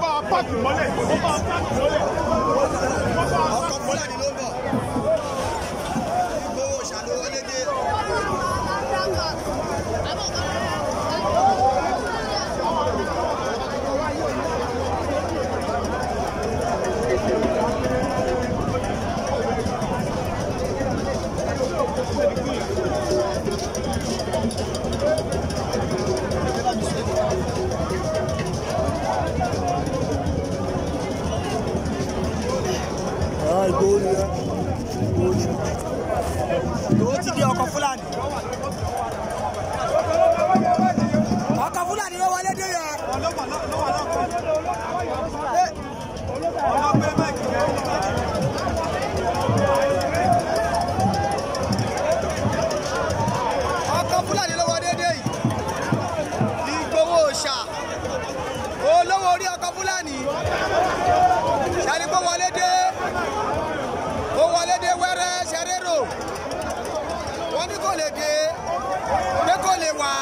bá wa páàkì mọ́lẹ̀ ó bá wa páàkì mọ́lẹ̀ ó bá wa páàkì mọ́lẹ̀. Thank you. tòó ti di ọkọ̀ fúlàní. ọkọ̀ fúlàní ló wọlé dé yẹ. ọkọ̀ fúlàní ló wọlé dé yìí. ìgbowó ọ̀ṣà olówó orí ọkọ̀ fúlàní ṣàlìkò wọlé dé ó wọlé dé wẹ́rẹ́ ṣẹrẹ́rò ní kò lè dé pé kò lè wà.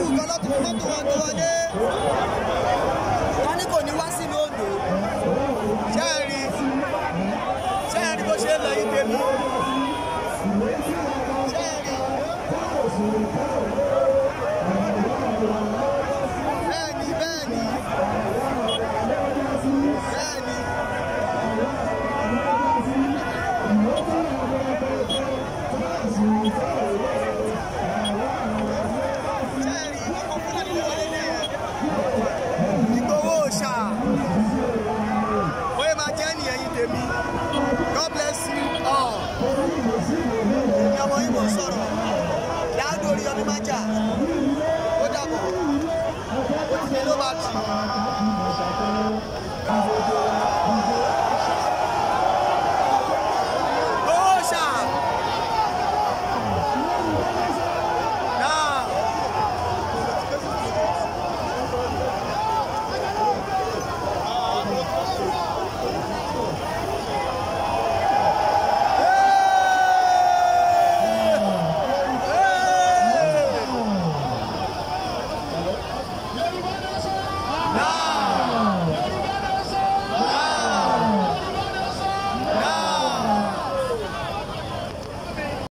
Busca la olórí ọdún májà ó dàbọ̀ ó ti lè ló máa tì í.